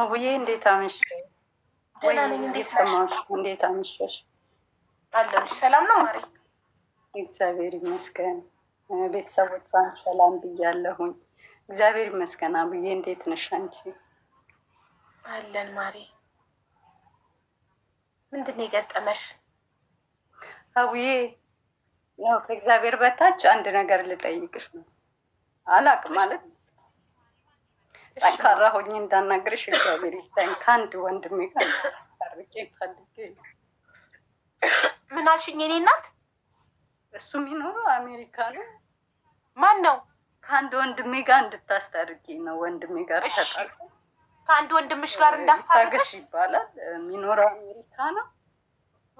ውብዬ እንዴት አመሸሽ? ደህና ነኝ። እንዴት ሰማሽ? እንዴት አመሸሽ? አለሁልሽ። ሰላም ነው ማሪ? እግዚአብሔር ይመስገን። ቤተሰቦቿን ሰላም ብያለሁኝ። እግዚአብሔር ይመስገን። አብዬ እንዴት ነሽ አንቺ? አለን ማሪ። ምንድን ነው የገጠመሽ? አብዬ ያው ከእግዚአብሔር በታች አንድ ነገር ልጠይቅሽ ነው። አላቅ ማለት ጠንካራ ሆኜ እንዳናግርሽ እግዚአብሔር ይስጠኝ። ከአንድ ወንድሜ ጋር ታርቄ ፈልጌ ምን አልሽኝ? የኔ እናት እሱ የሚኖረው አሜሪካ ነው። ማን ነው? ከአንድ ወንድሜ ጋር እንድታስታርቂ ነው። ወንድሜ ጋር ተጣ ከአንድ ወንድምሽ ጋር እንዳስታርቅሽ ይባላል። የሚኖረው አሜሪካ ነው።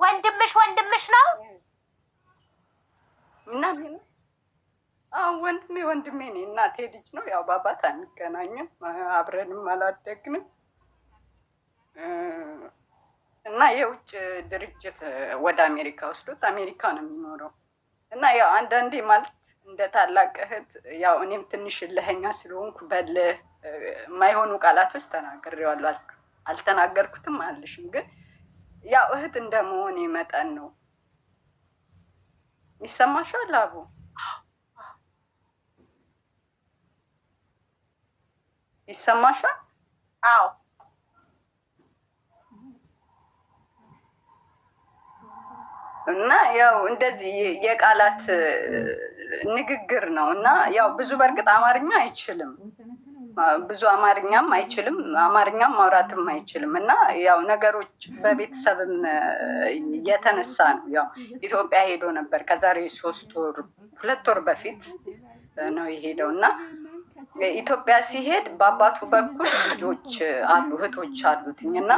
ወንድምሽ ወንድምሽ ነው እና አሁን ወንድሜ ወንድሜ እኔ እናቴ ልጅ ነው። ያው በአባት አንገናኝም፣ አብረንም አላደግንም እና የውጭ ድርጅት ወደ አሜሪካ ወስዶት አሜሪካ ነው የሚኖረው እና ያው አንዳንዴ ማለት እንደ ታላቅ እህት ያው እኔም ትንሽ እልኸኛ ስለሆንኩ በልህ የማይሆኑ ቃላቶች ተናግሬዋለሁ። አልተናገርኩትም አልሽም፣ ግን ያው እህት እንደመሆኔ መጠን ነው። ይሰማሻል አቡ ይሰማሻል? አዎ እና ያው እንደዚህ የቃላት ንግግር ነው እና ያው ብዙ በእርግጥ አማርኛ አይችልም፣ ብዙ አማርኛም አይችልም፣ አማርኛም ማውራትም አይችልም። እና ያው ነገሮች በቤተሰብም የተነሳ ነው። ያው ኢትዮጵያ ሄዶ ነበር ከዛሬ ሶስት ወር ሁለት ወር በፊት ነው የሄደው እና ኢትዮጵያ ሲሄድ በአባቱ በኩል ልጆች አሉ እህቶች አሉትኝ እና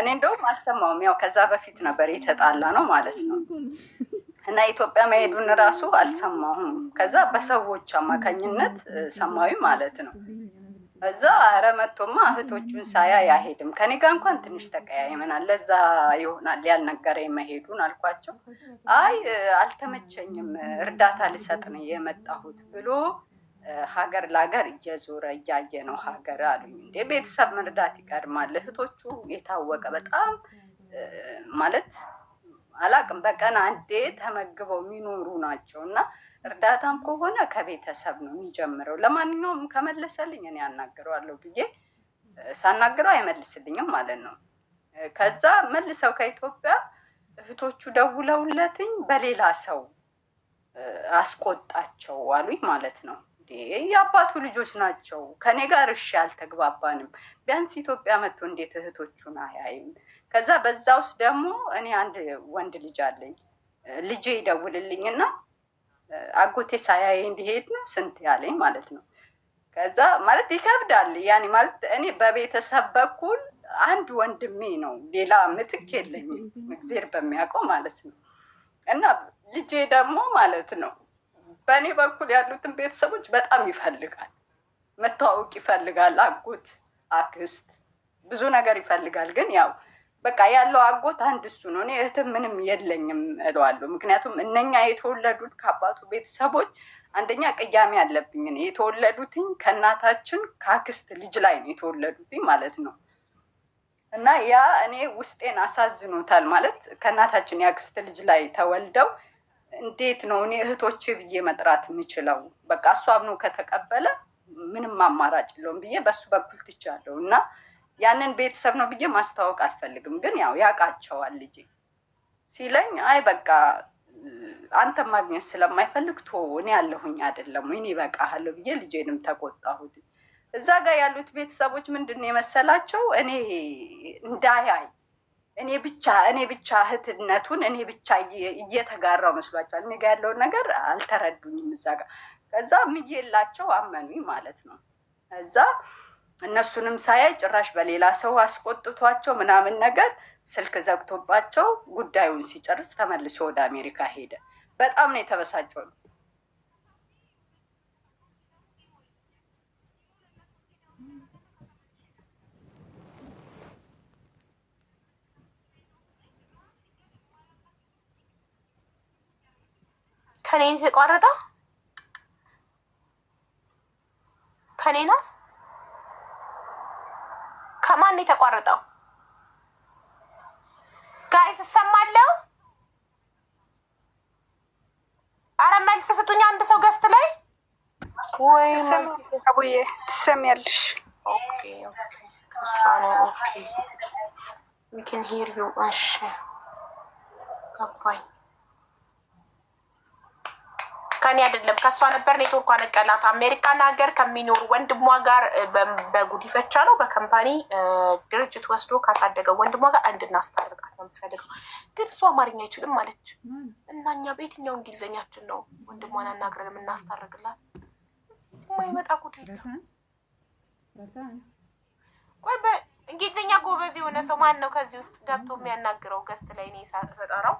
እኔ እንደውም አልሰማውም። ያው ከዛ በፊት ነበር የተጣላ ነው ማለት ነው እና ኢትዮጵያ መሄዱን ራሱ አልሰማሁም። ከዛ በሰዎች አማካኝነት ሰማዊ ማለት ነው። እዛ ኧረ መቶማ እህቶቹን ሳያ ያሄድም ከኔ ጋር እንኳን ትንሽ ተቀያይመናል። ለዛ ይሆናል ያልነገረ መሄዱን አልኳቸው። አይ አልተመቸኝም፣ እርዳታ ልሰጥ ነው የመጣሁት ብሎ ሀገር ለሀገር እየዞረ እያየ ነው ሀገር አሉ እንዴ ቤተሰብ መርዳት ይቀድማል። እህቶቹ የታወቀ በጣም ማለት አላቅም በቀን አንዴ ተመግበው የሚኖሩ ናቸው እና እርዳታም ከሆነ ከቤተሰብ ነው የሚጀምረው። ለማንኛውም ከመለሰልኝ እኔ አናግረዋለሁ ብዬ ሳናግረው አይመልስልኝም ማለት ነው። ከዛ መልሰው ከኢትዮጵያ እህቶቹ ደውለውለትኝ በሌላ ሰው አስቆጣቸው አሉኝ ማለት ነው። እንዴ የአባቱ ልጆች ናቸው። ከኔ ጋር እሺ አልተግባባንም። ቢያንስ ኢትዮጵያ መጥቶ እንዴት እህቶቹን አያይም? ከዛ በዛ ውስጥ ደግሞ እኔ አንድ ወንድ ልጅ አለኝ። ልጄ ይደውልልኝና አጎቴ ሳያይ እንዲሄድ ነው ስንት ያለኝ ማለት ነው። ከዛ ማለት ይከብዳል። ያኔ ማለት እኔ በቤተሰብ በኩል አንድ ወንድሜ ነው፣ ሌላ ምትክ የለኝም። እግዜር በሚያውቀው ማለት ነው። እና ልጄ ደግሞ ማለት ነው በእኔ በኩል ያሉትን ቤተሰቦች በጣም ይፈልጋል፣ መተዋወቅ ይፈልጋል፣ አጎት፣ አክስት ብዙ ነገር ይፈልጋል። ግን ያው በቃ ያለው አጎት አንድ እሱ ነው። እኔ እህትም ምንም የለኝም እለዋለሁ። ምክንያቱም እነኛ የተወለዱት ከአባቱ ቤተሰቦች አንደኛ ቅያሜ አለብኝ የተወለዱትኝ ከእናታችን ከአክስት ልጅ ላይ ነው የተወለዱትኝ ማለት ነው። እና ያ እኔ ውስጤን አሳዝኖታል ማለት ከእናታችን የአክስት ልጅ ላይ ተወልደው እንዴት ነው እኔ እህቶቼ ብዬ መጥራት የምችለው? በቃ እሱ አምኖ ከተቀበለ ምንም አማራጭ የለውም ብዬ በሱ በኩል ትቻለሁ እና ያንን ቤተሰብ ነው ብዬ ማስታወቅ አልፈልግም። ግን ያው ያውቃቸዋል ልጅ ሲለኝ አይ በቃ አንተ ማግኘት ስለማይፈልግ ቶ እኔ ያለሁኝ አይደለም ወይኔ ይበቃሃለሁ ብዬ ልጄንም ተቆጣሁት። እዛ ጋር ያሉት ቤተሰቦች ምንድን ነው የመሰላቸው እኔ እንዳያይ እኔ ብቻ እኔ ብቻ እህትነቱን እኔ ብቻ እየተጋራው መስሏቸዋል። እኔ ጋ ያለውን ነገር አልተረዱኝም እዛ ከዛ ምዬላቸው አመኑኝ ማለት ነው። ከዛ እነሱንም ሳያይ ጭራሽ በሌላ ሰው አስቆጥቷቸው ምናምን ነገር ስልክ ዘግቶባቸው ጉዳዩን ሲጨርስ ተመልሶ ወደ አሜሪካ ሄደ። በጣም ነው የተበሳጨው። ከኔ የተቋረጠው ከኔ ነው። ከማን የተቋረጠው? ጋይስ እሰማለሁ። አረ መልስ ስጡኝ። አንድ ሰው ገስት ላይ ወይ ትሰሚያለሽ? ኦኬ ሂር ዩ። እሺ ገባኝ። ከኔ አይደለም ከእሷ ነበር ኔትወርኳ ነቀላት። አሜሪካን ሀገር ከሚኖር ወንድሟ ጋር በጉዲፈቻ ነው በከምፓኒ ድርጅት ወስዶ ካሳደገው ወንድሟ ጋር እንድናስታርቃት ነው የምትፈልገው። ግን እሱ አማርኛ አይችልም ማለች እና እኛ በየትኛው እንግሊዝኛችን ነው ወንድሟን አናግረን የምናስታርቅላት? ማይመጣ ጉድ ቆይ እንግሊዝኛ ጎበዝ የሆነ ሰው ማን ነው ከዚህ ውስጥ ገብቶ የሚያናግረው? ገስት ላይ ነው የፈጠረው።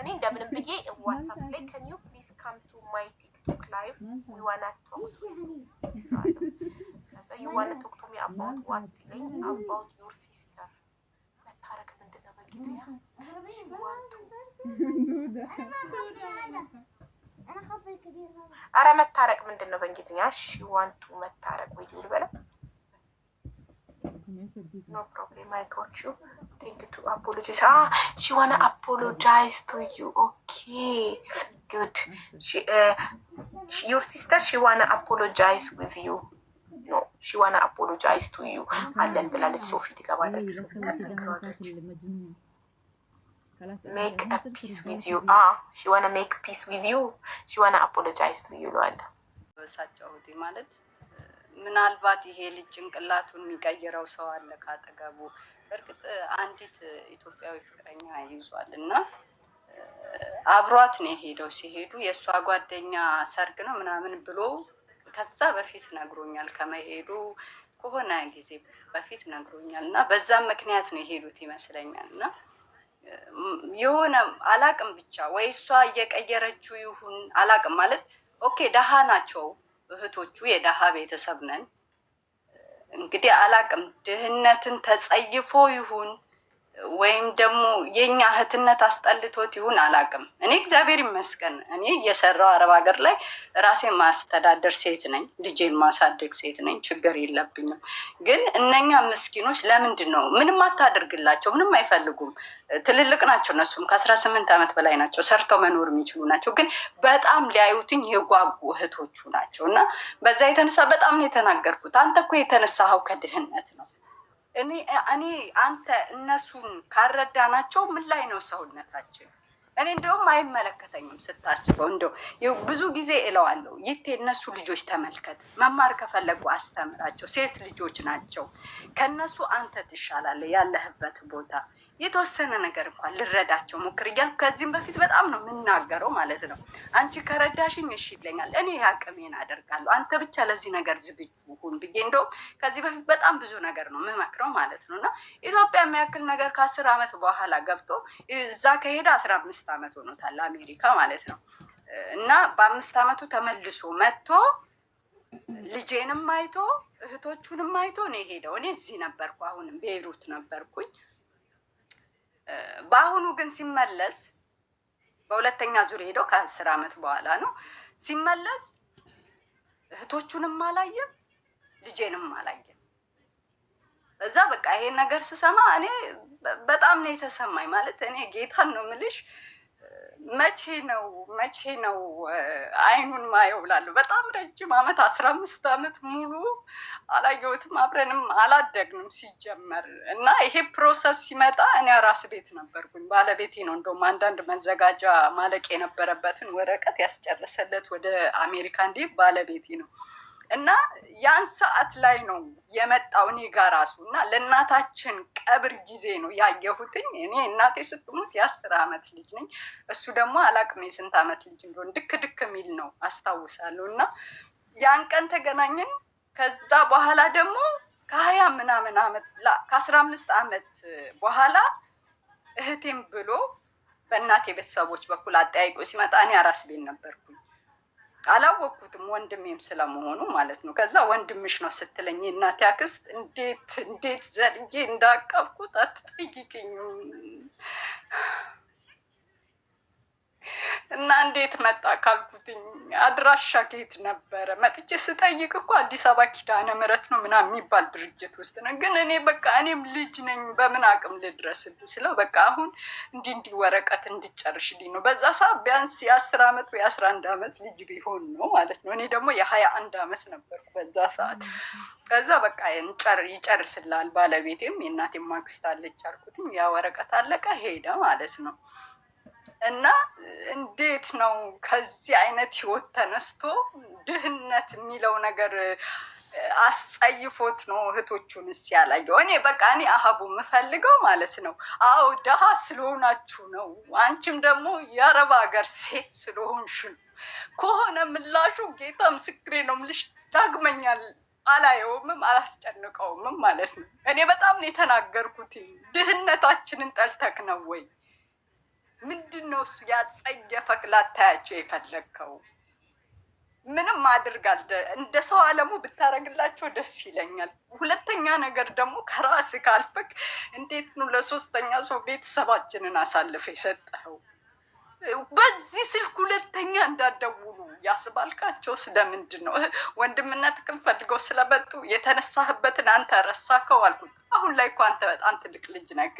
እኔ እንደምንም ብዬ ዋትሳፕ ላይ ከን ዩ ፕሊዝ ካም ቱ ማይ ቲክቶክ ላይቭ ዊ ዋና ቶክ ዩ ዋና ቶክ ቱ ሚ አባውት ዋት ሲለኝ አባውት ዩር ሲስተር መታረቅ ምንድን ነው በእንግሊዝኛ አረ መታረቅ ምንድን ነው በእንግሊዝኛ? ሺ ዋንቱ መታረቅ ወይ ልበለው no problem i got you thank you to apologize ah she wanna apologize to you okay good she uh your sister she wanna apologize with you no she wanna apologize to you and then let sophie make a peace with you ah she wanna make peace with you she wanna apologize to you lord ምናልባት ይሄ ልጅ ጭንቅላቱን የሚቀይረው ሰው አለ ካጠገቡ። እርግጥ አንዲት ኢትዮጵያዊ ፍቅረኛ ይዟል እና አብሯት ነው የሄደው። ሲሄዱ የእሷ ጓደኛ ሰርግ ነው ምናምን ብሎ ከዛ በፊት ነግሮኛል። ከመሄዱ ከሆነ ጊዜ በፊት ነግሮኛል እና በዛም ምክንያት ነው የሄዱት ይመስለኛል እና የሆነ አላቅም ብቻ ወይ እሷ እየቀየረችው ይሁን አላቅም። ማለት ኦኬ ደሃ ናቸው እህቶቹ የደሃ ቤተሰብ ነን። እንግዲህ አላቅም ድህነትን ተጸይፎ ይሁን ወይም ደግሞ የኛ እህትነት አስጠልቶት ይሁን አላውቅም። እኔ እግዚአብሔር ይመስገን እኔ እየሰራው አረብ ሀገር ላይ ራሴ ማስተዳደር ሴት ነኝ፣ ልጄን ማሳደግ ሴት ነኝ፣ ችግር የለብኝም። ግን እነኛ ምስኪኖች ለምንድን ነው ምንም አታደርግላቸው? ምንም አይፈልጉም። ትልልቅ ናቸው እነሱም ከአስራ ስምንት ዓመት በላይ ናቸው፣ ሰርተው መኖር የሚችሉ ናቸው። ግን በጣም ሊያዩትኝ የጓጉ እህቶቹ ናቸው እና በዛ የተነሳ በጣም ነው የተናገርኩት። አንተ እኮ የተነሳኸው ከድህነት ነው እኔ እኔ አንተ እነሱን ካረዳናቸው ምን ላይ ነው ሰውነታችን? እኔ እንደውም አይመለከተኝም ስታስበው፣ እንደው ብዙ ጊዜ እለዋለሁ ይቴ እነሱ ልጆች ተመልከት፣ መማር ከፈለጉ አስተምራቸው፣ ሴት ልጆች ናቸው። ከእነሱ አንተ ትሻላለህ ያለህበት ቦታ የተወሰነ ነገር እንኳን ልረዳቸው ሞክር እያልኩ ከዚህም በፊት በጣም ነው የምናገረው ማለት ነው። አንቺ ከረዳሽኝ እሺ ይለኛል፣ እኔ አቅሜን አደርጋለሁ። አንተ ብቻ ለዚህ ነገር ዝግጁ ሁን ብዬ እንደውም ከዚህ በፊት በጣም ብዙ ነገር ነው የምመክረው ማለት ነው። እና ኢትዮጵያ የሚያክል ነገር ከአስር ዓመት በኋላ ገብቶ እዛ ከሄደ አስራ አምስት ዓመት ሆኖታል አሜሪካ ማለት ነው። እና በአምስት ዓመቱ ተመልሶ መጥቶ ልጄንም አይቶ እህቶቹንም አይቶ ነው የሄደው። እኔ እዚህ ነበርኩ፣ አሁንም ቤይሩት ነበርኩኝ። በአሁኑ ግን ሲመለስ በሁለተኛ ዙር ሄደው ከአስር ዓመት በኋላ ነው ሲመለስ፣ እህቶቹንም አላየም ልጄንም አላየም። እዛ በቃ ይሄን ነገር ስሰማ እኔ በጣም ነው የተሰማኝ። ማለት እኔ ጌታን ነው ምልሽ መቼ ነው መቼ ነው አይኑን ማየው ብላለሁ። በጣም ረጅም አመት አስራ አምስት አመት ሙሉ አላየሁትም፣ አብረንም አላደግንም ሲጀመር እና ይሄ ፕሮሰስ ሲመጣ እኔ ራስ ቤት ነበርኩኝ። ባለቤቴ ነው እንደውም አንዳንድ መዘጋጃ ማለቅ የነበረበትን ወረቀት ያስጨረሰለት ወደ አሜሪካ እንዲህ ባለቤቴ ነው። እና ያን ሰዓት ላይ ነው የመጣው እኔ ጋር ራሱ እና ለእናታችን ቀብር ጊዜ ነው ያየሁትኝ። እኔ እናቴ ስትሞት የአስር አመት ልጅ ነኝ። እሱ ደግሞ አላቅም የስንት ዓመት ልጅ እንደሆን ድክ ድክ የሚል ነው አስታውሳለሁ። እና ያን ቀን ተገናኘን። ከዛ በኋላ ደግሞ ከሀያ ምናምን አመት ከአስራ አምስት አመት በኋላ እህቴም ብሎ በእናቴ ቤተሰቦች በኩል አጠያይቆ ሲመጣ እኔ አራስ ቤት ነበርኩኝ አላወቅኩትም ወንድሜም ስለመሆኑ ማለት ነው። ከዛ ወንድምሽ ነው ስትለኝ እናቴ አክስት እንዴት እንዴት ዘልዬ እንዳቀፍኩት አትጠይቅኝም። እና እንዴት መጣ ካልኩትኝ አድራሻ ከየት ነበረ? መጥቼ ስጠይቅ እኮ አዲስ አበባ ኪዳነ ምሕረት ነው ምናምን የሚባል ድርጅት ውስጥ ነው። ግን እኔ በቃ እኔም ልጅ ነኝ በምን አቅም ልድረስልኝ ስለው በቃ አሁን እንዲ እንዲ ወረቀት እንድጨርሽልኝ ነው። በዛ ሰዓት ቢያንስ የአስር አመት ወይ አስራ አንድ አመት ልጅ ቢሆን ነው ማለት ነው። እኔ ደግሞ የሀያ አንድ አመት ነበርኩ በዛ ሰዓት። ከዛ በቃ ይጨርስላል ባለቤቴም የእናቴም ማግስት አለች አልኩትም። ያ ወረቀት አለቀ ሄደ ማለት ነው። እና እንዴት ነው ከዚህ አይነት ህይወት ተነስቶ ድህነት የሚለው ነገር አስጸይፎት ነው እህቶቹን እስ ያላየው። እኔ በቃ እኔ አሀቡ የምፈልገው ማለት ነው፣ አዎ ደሃ ስለሆናችሁ ነው። አንቺም ደግሞ የአረብ ሀገር ሴት ስለሆንሽ ከሆነ ምላሹ ጌታ ምስክሬ ነው ምልሽ። ዳግመኛል አላየውምም አላስጨንቀውምም ማለት ነው። እኔ በጣም ነው የተናገርኩት። ድህነታችንን ጠልተክ ነው ወይ ምንድን ነው እሱ ያጸየፈክ ላታያቸው የፈለግከው? ምንም አድርግ አልደ እንደ ሰው አለሙ ብታደርግላቸው ደስ ይለኛል። ሁለተኛ ነገር ደግሞ ከራስ ካልፍክ እንዴት ነው ለሶስተኛ ሰው ቤተሰባችንን አሳልፈ የሰጠኸው? በዚህ ስልክ ሁለተኛ እንዳደውሉ ያስባልካቸው ስለምንድን ነው? ወንድምነት ጥቅም ፈልገው ስለመጡ የተነሳህበትን አንተ ረሳከው አልኩኝ። አሁን ላይ እኮ አንተ በጣም ትልቅ ልጅ ነክ፣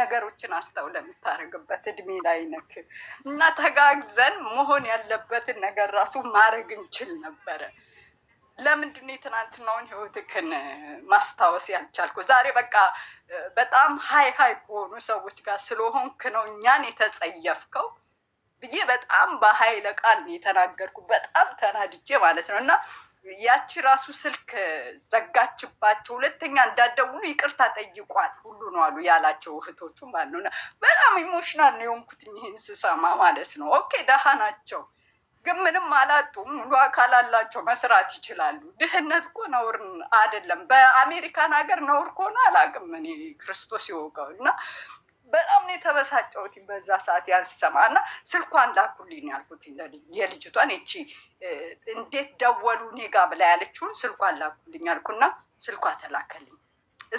ነገሮችን አስተው ለምታደርግበት እድሜ ላይ ነክ እና ተጋግዘን መሆን ያለበትን ነገር ራሱ ማድረግ እንችል ነበረ። ለምንድን ነው የትናንትናውን ህይወትህን ማስታወስ ያልቻልኩ? ዛሬ በቃ በጣም ሀይ ሀይ ከሆኑ ሰዎች ጋር ስለሆንክ ነው እኛን የተጸየፍከው። ብዬ በጣም በሀይለ ቃል የተናገርኩ በጣም ተናድጄ ማለት ነው እና ያቺ ራሱ ስልክ ዘጋችባቸው። ሁለተኛ እንዳደውሉ ይቅርታ ጠይቋት ሁሉ ነው አሉ ያላቸው እህቶቹ ማለት ነው። በጣም ኢሞሽናል ነው የሆንኩት ይህን ስሰማ ማለት ነው። ኦኬ ደሃ ናቸው ግን ምንም አላጡም። ሙሉ አካል አላቸው፣ መስራት ይችላሉ። ድህነት እኮ ነውር አይደለም። በአሜሪካን ሀገር ነውር ከሆነ አላውቅም እኔ ክርስቶስ ይወቀው እና በጣም ነው የተበሳጨሁት በዛ ሰዓት ያን ስሰማ እና ስልኳን ላኩልኝ ያልኩት የልጅቷን እቺ እንዴት ደወሉ ኔጋ ብላ ያለችውን ስልኳን ላኩልኝ ያልኩና ስልኳ ተላከልኝ።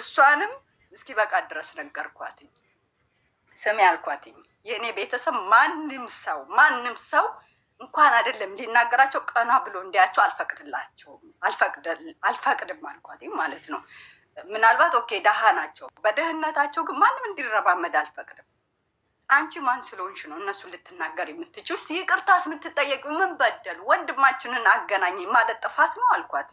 እሷንም እስኪ በቃ ድረስ ነገርኳትኝ። ስም ያልኳትኝ የእኔ ቤተሰብ ማንም ሰው ማንም ሰው እንኳን አይደለም ሊናገራቸው ቀና ብሎ እንዲያቸው አልፈቅድላቸውም አልፈቅድም አልኳትኝ ማለት ነው። ምናልባት ኦኬ ደሃ ናቸው። በደህነታቸው ግን ማንም እንዲረባመድ አልፈቅድም። አንቺ ማን ስለሆንሽ ነው እነሱ ልትናገር የምትችል? ይቅርታስ የምትጠየቅ ምን ወንድማችንን አገናኝ ማለት ጥፋት ነው አልኳት።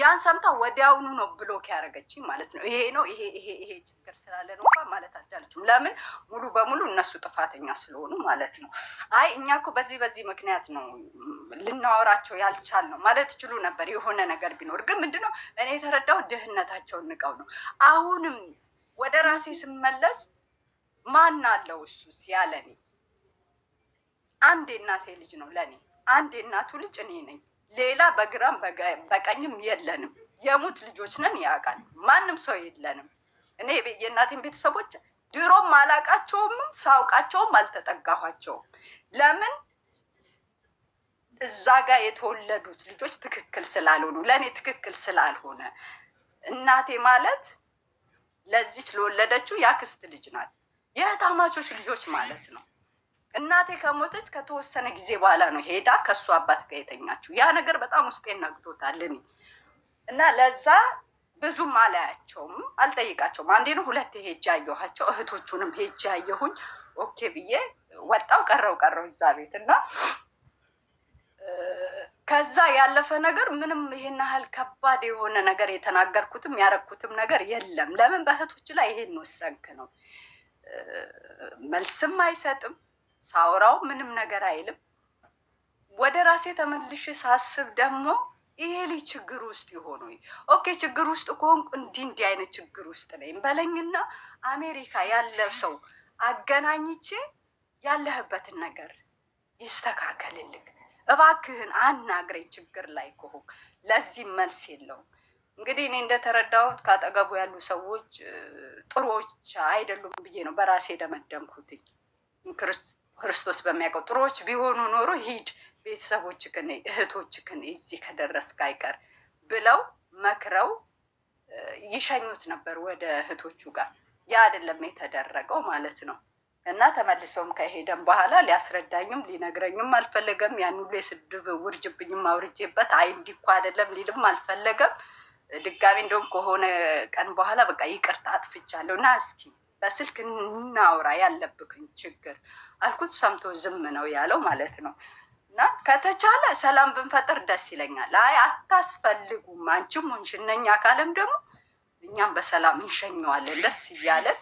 ያን ሰምታ ወዲያውኑ ነው ብሎክ ያደረገችኝ ማለት ነው። ይሄ ነው ይሄ ይሄ ይሄ ችግር ስላለ ነው ማለት አልቻለችም። ለምን ሙሉ በሙሉ እነሱ ጥፋተኛ ስለሆኑ ማለት ነው። አይ እኛ እኮ በዚህ በዚህ ምክንያት ነው ልናወራቸው ያልቻል ነው ማለት ይችሉ ነበር። የሆነ ነገር ቢኖር ግን ምንድነው እኔ የተረዳው ድህነታቸውን ንቀው ነው። አሁንም ወደ ራሴ ስመለስ ማን አለው እሱስ ያለኔ አንድ የእናቴ ልጅ ነው ለእኔ አንድ የእናቱ ልጅ እኔ ነኝ። ሌላ በግራም በቀኝም የለንም። የሙት ልጆች ነን ያውቃል ማንም ሰው የለንም። እኔ የእናቴን ቤተሰቦች ድሮም አላቃቸውም፣ ሳውቃቸውም አልተጠጋኋቸውም። ለምን እዛ ጋር የተወለዱት ልጆች ትክክል ስላልሆኑ ለእኔ ትክክል ስላልሆነ እናቴ ማለት ለዚች ለወለደችው ያክስት ልጅ ናት። የታማቾች ልጆች ማለት ነው። እናቴ ከሞተች ከተወሰነ ጊዜ በኋላ ነው ሄዳ ከእሱ አባት ጋር የተኛችው። ያ ነገር በጣም ውስጤን ነግቶታል። እኔ እና ለዛ ብዙም አላያቸውም፣ አልጠይቃቸውም። አንዴ ነው ሁለት ሄጄ ያየኋቸው፣ እህቶቹንም ሄጄ ያየሁኝ። ኦኬ ብዬ ወጣው ቀረው ቀረው እዛ ቤት እና ከዛ ያለፈ ነገር ምንም ይሄን ያህል ከባድ የሆነ ነገር የተናገርኩትም ያረግኩትም ነገር የለም። ለምን በእህቶች ላይ ይሄን ወሰንክ ነው መልስም አይሰጥም ሳውራው ምንም ነገር አይልም። ወደ ራሴ ተመልሼ ሳስብ ደግሞ ይሄ ልጅ ችግር ውስጥ የሆኑ ኦኬ፣ ችግር ውስጥ ከሆንኩ እንዲህ እንዲህ አይነት ችግር ውስጥ ነኝ በለኝና አሜሪካ ያለ ሰው አገናኝቼ ያለህበትን ነገር ይስተካከልልክ፣ እባክህን አናግረኝ ችግር ላይ ከሆንክ። ለዚህ መልስ የለውም። እንግዲህ እኔ እንደተረዳሁት ካጠገቡ ያሉ ሰዎች ጥሩዎች አይደሉም ብዬ ነው በራሴ ደመደምኩትኝ። ክርስቶስ በሚያውቀው ጥሩዎች ቢሆኑ ኖሮ ሂድ እህቶች እህቶችህን እዚህ ከደረስክ አይቀር ብለው መክረው ይሸኙት ነበር ወደ እህቶቹ ጋር። ያ አይደለም የተደረገው ማለት ነው። እና ተመልሰውም ከሄደም በኋላ ሊያስረዳኝም ሊነግረኝም አልፈለገም። ያን ሁሉ የስድብ ውርጅብኝም አውርጄበት አይ እንዲህ አይደለም ሊልም አልፈለገም። ድጋሚ እንደውም ከሆነ ቀን በኋላ በቃ ይቅርታ አጥፍቻለሁ እና እስኪ በስልክ እናውራ ያለብክን ችግር አልኩት። ሰምቶ ዝም ነው ያለው ማለት ነው። እና ከተቻለ ሰላም ብንፈጥር ደስ ይለኛል። አይ አታስፈልጉም፣ አንቺም ሆንሽ እነኛ አካልም ደግሞ እኛም በሰላም እንሸኘዋለን። ደስ እያለን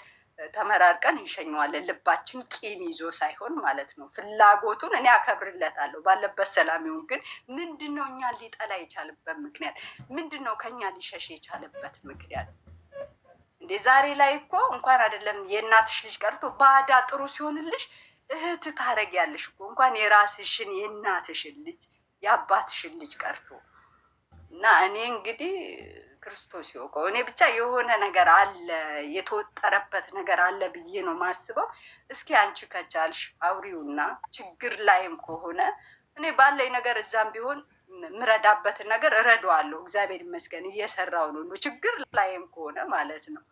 ተመራርቀን እንሸኘዋለን። ልባችን ቂም ይዞ ሳይሆን ማለት ነው። ፍላጎቱን እኔ አከብርለታለሁ ባለበት ሰላም ይሁን። ግን ምንድን ነው እኛን ሊጠላ የቻለበት ምክንያት ምንድን ነው? ከኛ ሊሸሽ የቻለበት ምክንያት እንዴ? ዛሬ ላይ እኮ እንኳን አይደለም የእናትሽ ልጅ ቀርቶ ባዳ ጥሩ ሲሆንልሽ እህት ታረጊያለሽ እኮ እንኳን የራስሽን የእናትሽን ልጅ የአባትሽን ልጅ ቀርቶ እና እኔ እንግዲህ ክርስቶስ ይወቀው። እኔ ብቻ የሆነ ነገር አለ የተወጠረበት ነገር አለ ብዬ ነው ማስበው። እስኪ አንቺ ከቻልሽ አውሪውና ችግር ላይም ከሆነ እኔ ባለኝ ነገር እዛም ቢሆን ምረዳበትን ነገር እረዳዋለሁ። እግዚአብሔር ይመስገን እየሰራው ነው። ችግር ላይም ከሆነ ማለት ነው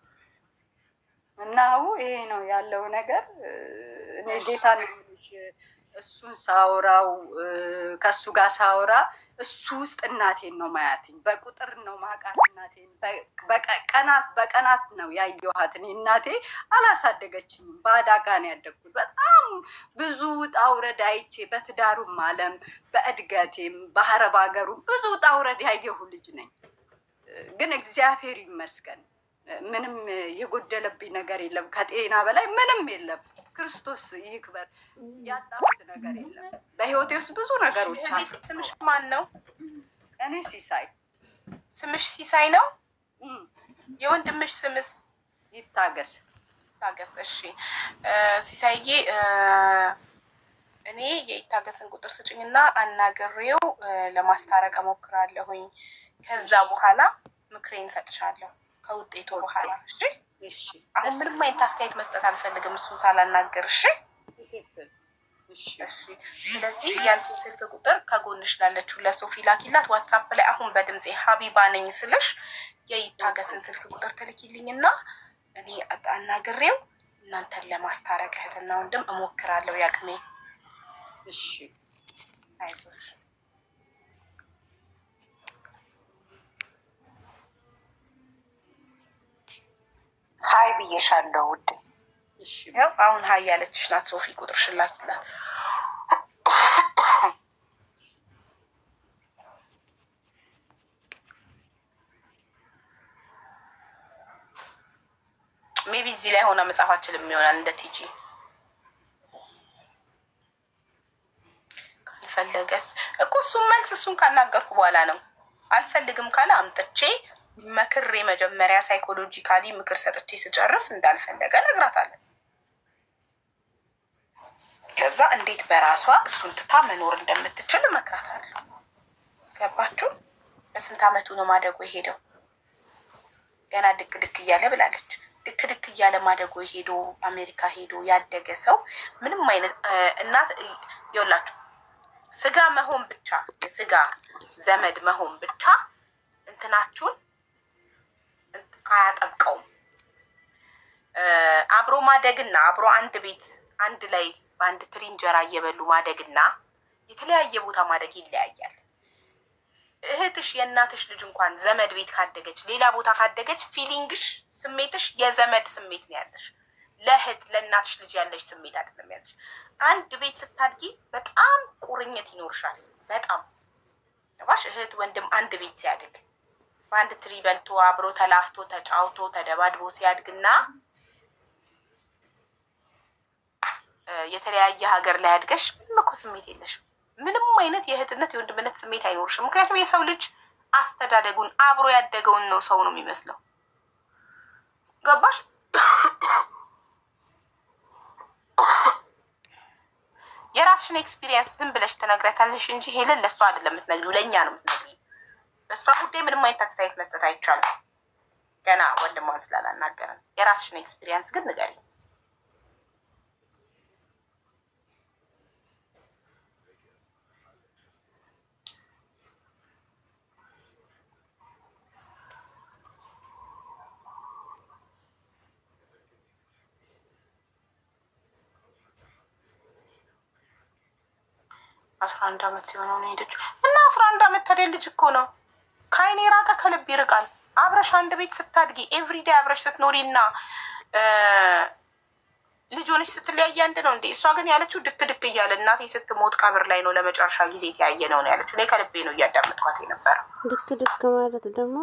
እና አሁ ይሄ ነው ያለው ነገር። እኔ ጌታ እሱን ሳውራው ከእሱ ጋር ሳውራ እሱ ውስጥ እናቴን ነው ማያትኝ። በቁጥር ነው ማቃት እናቴን። በቀናት በቀናት ነው ያየኋት። እኔ እናቴ አላሳደገችኝም፣ በአዳጋ ነው ያደግኩት። በጣም ብዙ ውጣ ውረድ አይቼ በትዳሩም ዓለም በእድገቴም በአረብ ሀገሩም ብዙ ውጣ ውረድ ያየሁ ልጅ ነኝ። ግን እግዚአብሔር ይመስገን ምንም የጎደለብኝ ነገር የለም። ከጤና በላይ ምንም የለም። ክርስቶስ ይክበር። ያጣሁት ነገር የለም። በህይወቴ ውስጥ ብዙ ነገሮች አሉ። ስምሽ ማን ነው? እኔ ሲሳይ። ስምሽ ሲሳይ ነው? የወንድምሽ ስምስ? ይታገስ። ይታገስ። እሺ ሲሳይዬ፣ እኔ የይታገስን ቁጥር ስጭኝና አናግሬው ለማስታረቅ እሞክራለሁኝ። ከዛ በኋላ ምክሬን ሰጥሻለሁ። ከውጤቱ በኋላ እሺ። አሁን ምንም አይነት አስተያየት መስጠት አልፈልግም እሱን ሳላናገር። እሺ፣ ስለዚህ ያንቺን ስልክ ቁጥር ከጎንሽ ላለችው ለሶፊ ላኪላት። ዋትሳፕ ላይ አሁን በድምፄ ሀቢባ ነኝ ስልሽ የይታገስን ስልክ ቁጥር ትልኪልኝና እኔ አናግሬው እናንተን ለማስታረቅ እህትና ወንድም እሞክራለሁ ያቅሜ። እሺ፣ አይዞሽ ሀይ ብዬሻለሁ ውዴ። ያው አሁን ሀይ ያለችሽ ናት ሶፊ ቁጥርሽን ላኪላት። ሜቢ እዚህ ላይ ሆነ መጽሐፍ አችልም ይሆናል እንደ ቲጂ ካልፈለገስ እኮ እሱን መልስ እሱን ካናገርኩ በኋላ ነው። አልፈልግም ካለ አምጥቼ መክሬ መጀመሪያ ሳይኮሎጂካሊ ምክር ሰጥቼ ስጨርስ እንዳልፈለገ ነግራታለን። ከዛ እንዴት በራሷ እሱን ትታ መኖር እንደምትችል እመክራታለሁ። ገባችሁ? በስንት አመቱ ነው ማደጎ የሄደው? ገና ድክ ድክ እያለ ብላለች። ድክ ድክ እያለ ማደጎ ሄዶ አሜሪካ ሄዶ ያደገ ሰው ምንም አይነት እናት ይውላችሁ፣ ስጋ መሆን ብቻ የስጋ ዘመድ መሆን ብቻ እንትናችሁን አያጠብቀውም። አብሮ ማደግና አብሮ አንድ ቤት አንድ ላይ በአንድ ትሪ እንጀራ እየበሉ ማደግና የተለያየ ቦታ ማደግ ይለያያል። እህትሽ የእናትሽ ልጅ እንኳን ዘመድ ቤት ካደገች ሌላ ቦታ ካደገች ፊሊንግሽ፣ ስሜትሽ የዘመድ ስሜት ነው ያለሽ። ለእህት ለእናትሽ ልጅ ያለሽ ስሜት አይደለም ያለሽ። አንድ ቤት ስታድጊ በጣም ቁርኝት ይኖርሻል። በጣም ባሽ እህት ወንድም አንድ ቤት ሲያድግ በአንድ ትሪ በልቶ አብሮ ተላፍቶ ተጫውቶ ተደባድቦ ሲያድግና የተለያየ ሀገር ላይ አድገሽ ምንም እኮ ስሜት የለሽም። ምንም አይነት የእህትነት የወንድምነት ስሜት አይኖርሽም። ምክንያቱም የሰው ልጅ አስተዳደጉን አብሮ ያደገውን ነው ሰው ነው የሚመስለው። ገባሽ? የራስሽን ኤክስፒሪየንስ ዝም ብለሽ ትነግረታለሽ እንጂ ሄለን ለእሷ አይደለም የምትነግሪው፣ ለእኛ ነው የምትነግሪው። በእሷ ጉዳይ ምንም አይነት አስተያየት መስጠት አይቻልም። ገና ወንድሟን ስላላናገርን የራስሽን ኤክስፒሪየንስ ግን ንገሪ። አስራ አንድ አመት ሲሆነው ነው ሄደችው እና አስራ አንድ አመት ታዲያ ልጅ እኮ ነው። ከአይኔ ራቀ ከልብ ይርቃል። አብረሽ አንድ ቤት ስታድጊ ኤቭሪዴ አብረሽ ስትኖሪ እና ልጅ ስትለያየ አንድ ነው እንዴ? እሷ ግን ያለችው ድፕ ድፕ እያለ እናቴ ስትሞት ቀብር ላይ ነው ለመጨረሻ ጊዜ የተያየ ነው ነው ያለችው። እኔ ከልቤ ነው እያዳመጥኳት የነበረ ድፕ ድፕ ማለት ደግሞ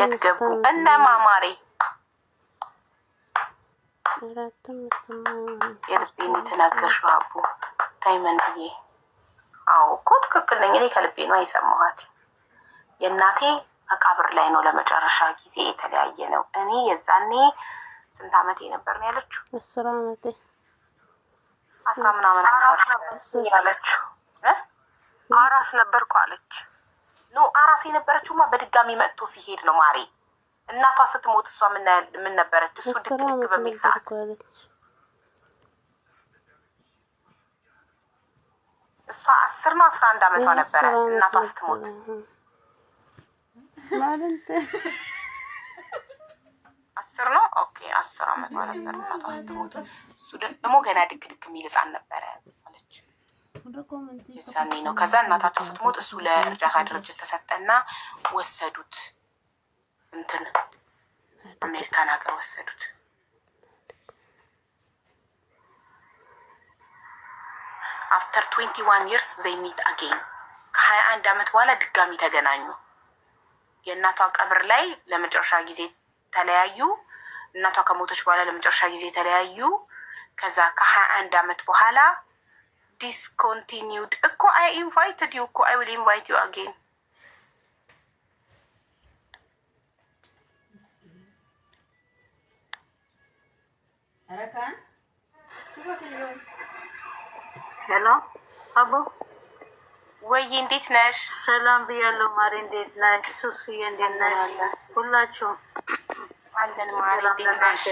የት ገቡ እነ ማማሬ የልቤን የተናገርሽው አቡ ዳይመንድዬ። አዎ እኮ ትክክል ነኝ። እኔ ከልቤ ነው አይሰማኋት የእናቴ መቃብር ላይ ነው ለመጨረሻ ጊዜ የተለያየ ነው። እኔ የዛኔ ስንት አመቴ ነበር ነው ያለችው? አስር ዓመቴ አስራ ምናምን ያለችው አራስ ነበርኩ አለች። ኖ አራስ የነበረችውማ በድጋሚ መጥቶ ሲሄድ ነው ማሬ። እናቷ ስትሞት እሷ ምን ነበረች? እሱ ድክ ድክ በሚል ሰዓት እሷ አስር ነው አስራ አንድ አመቷ ነበረ እናቷ ስትሞት አስር ነው። ኦኬ አስር አመት ማለት ነው። እናቷ ስትሞት እሱ ደግሞ ገና ድክ ድክ የሚል ህፃን ነበረ አለች። የዛኔ ነው። ከዛ እናታቸው ስትሞት እሱ ለእርዳታ ድርጅት ተሰጠና ወሰዱት፣ እንትን አሜሪካን ሀገር ወሰዱት። አፍተር ትዌንቲ ዋን ይርስ ዘይሚት አጌን ከሀያ አንድ አመት በኋላ ድጋሚ ተገናኙ። የእናቷ ቀብር ላይ ለመጨረሻ ጊዜ ተለያዩ። እናቷ ከሞተች በኋላ ለመጨረሻ ጊዜ ተለያዩ። ከዛ ከሀያ አንድ አመት በኋላ ዲስኮንቲኒውድ እኮ አይ ኢንቫይትድ ዩ እኮ አይ ዊል ኢንቫይት ዩ አጌን ሄሎ አቦ ወይ እንዴት ነሽ? ሰላም ብያለሁ ማሪ። እንዴት ነሽ? ሱሱዬ እንዴት ነሽ? ሁላችሁ አለን ማሪ። እንዴት ነሽ?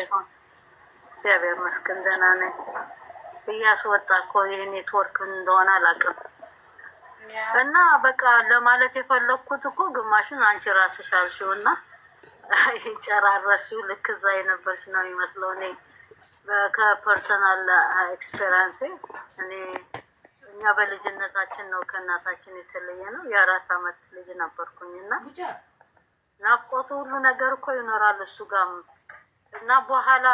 እግዚአብሔር ይመስገን ደህና ነኝ። እያስወጣ እኮ ይህ ኔትወርክ እንደሆነ አላውቅም። እና በቃ ለማለት የፈለግኩት እኮ ግማሹን አንቺ ራስሽ አልሽው እና ጨራረሽው። ልክ እዛ የነበርሽ ነው የሚመስለው። እኔ ከፐርሰናል ኤክስፔሪንስ እኔ እኛ በልጅነታችን ነው ከእናታችን የተለየ ነው። የአራት አመት ልጅ ነበርኩኝና ናፍቆቱ ሁሉ ነገር እኮ ይኖራል እሱ ጋም እና በኋላ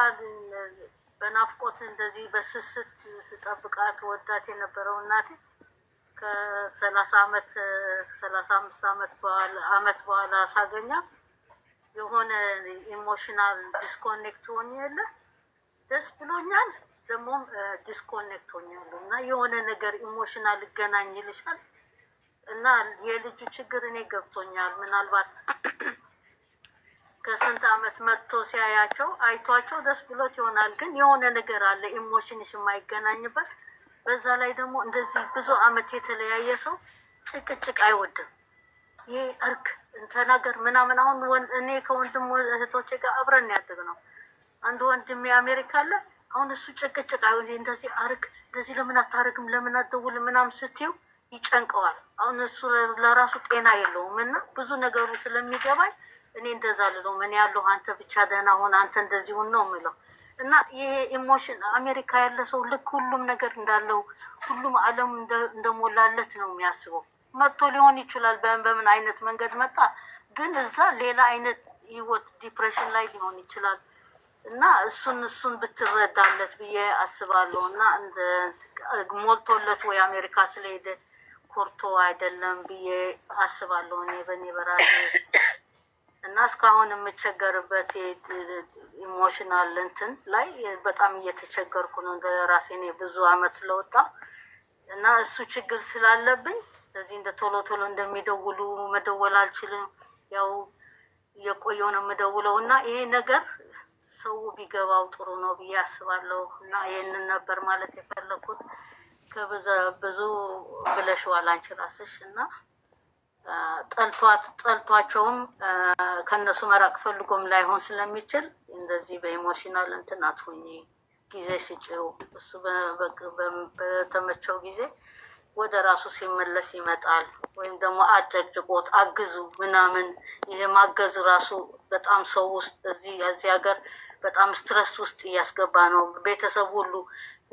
በናፍቆት እንደዚህ በስስት ስጠብቃት ወዳት የነበረው እናቴ ከሰላሳ አመት ሰላሳ አምስት አመት በኋላ አመት በኋላ ሳገኛ የሆነ ኢሞሽናል ዲስኮኔክት ሆኜ የለ ደስ ብሎኛል። ደግሞ ዲስኮኔክት ሆኛለሁ እና የሆነ ነገር ኢሞሽናል ይገናኝ ይልሻል እና የልጁ ችግር እኔ ገብቶኛል። ምናልባት ከስንት አመት መጥቶ ሲያያቸው አይቷቸው ደስ ብሎት ይሆናል። ግን የሆነ ነገር አለ ኢሞሽንሽ የማይገናኝበት። በዛ ላይ ደግሞ እንደዚህ ብዙ አመት የተለያየ ሰው ጭቅጭቅ አይወድም። ይህ እርግ ተናገር ምናምን። አሁን እኔ ከወንድም እህቶቼ ጋር አብረን ያደግ ነው። አንድ ወንድም አሜሪካ አለ አሁን እሱ ጭቅጭቅ አይሆን እንደዚህ አርግ እንደዚህ ለምን አታርግም ለምን አትደውልም ምናምን ስትይው ይጨንቀዋል። አሁን እሱ ለራሱ ጤና የለውም እና ብዙ ነገሩ ስለሚገባኝ እኔ እንደዛ ልለው ምን ያለሁ አንተ ብቻ ደህና ሆን አንተ እንደዚሁን ነው ምለው እና ይሄ ኢሞሽን አሜሪካ ያለ ሰው ልክ ሁሉም ነገር እንዳለው ሁሉም ዓለም እንደሞላለት ነው የሚያስበው። መጥቶ ሊሆን ይችላል በምን አይነት መንገድ መጣ፣ ግን እዛ ሌላ አይነት ህይወት ዲፕሬሽን ላይ ሊሆን ይችላል እና እሱን እሱን ብትረዳለት ብዬ አስባለሁ። እና ሞልቶለት ወይ አሜሪካ ስለሄደ ኮርቶ አይደለም ብዬ አስባለሁ እኔ በእኔ በራሴ እና እስካሁን የምቸገርበት ኢሞሽናል እንትን ላይ በጣም እየተቸገርኩ ነው ራሴ እኔ ብዙ አመት ስለወጣ እና እሱ ችግር ስላለብኝ እዚህ እንደ ቶሎ ቶሎ እንደሚደውሉ መደወል አልችልም። ያው ነው የምደውለው እና ይሄ ነገር ሰው ቢገባው ጥሩ ነው ብዬ አስባለሁ። እና ይህንን ነበር ማለት የፈለግኩት ብዙ ብለሽዋል አንቺ ራስሽ እና ጠልቷቸውም ከእነሱ መራቅ ፈልጎም ላይሆን ስለሚችል እንደዚህ በኢሞሽናል እንትን አትሁኚ፣ ጊዜ ስጪው። እሱ በተመቸው ጊዜ ወደ ራሱ ሲመለስ ይመጣል። ወይም ደግሞ አጨቅጭቆት አግዙ ምናምን። ይሄ ማገዝ ራሱ በጣም ሰው ውስጥ እዚህ ሀገር በጣም ስትረስ ውስጥ እያስገባ ነው ቤተሰብ ሁሉ።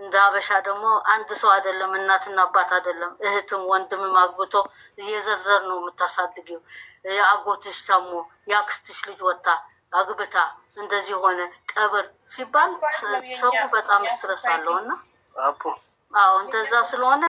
እንደ ሀበሻ ደግሞ አንድ ሰው አይደለም እናትና አባት አይደለም እህትም ወንድምም አግብቶ እየዘርዘር ነው የምታሳድጊው። የአጎትሽ ሰሞ የአክስትሽ ልጅ ወታ አግብታ እንደዚህ ሆነ ቀብር ሲባል ሰው በጣም ስትረስ አለው እና አዎ እንደዛ ስለሆነ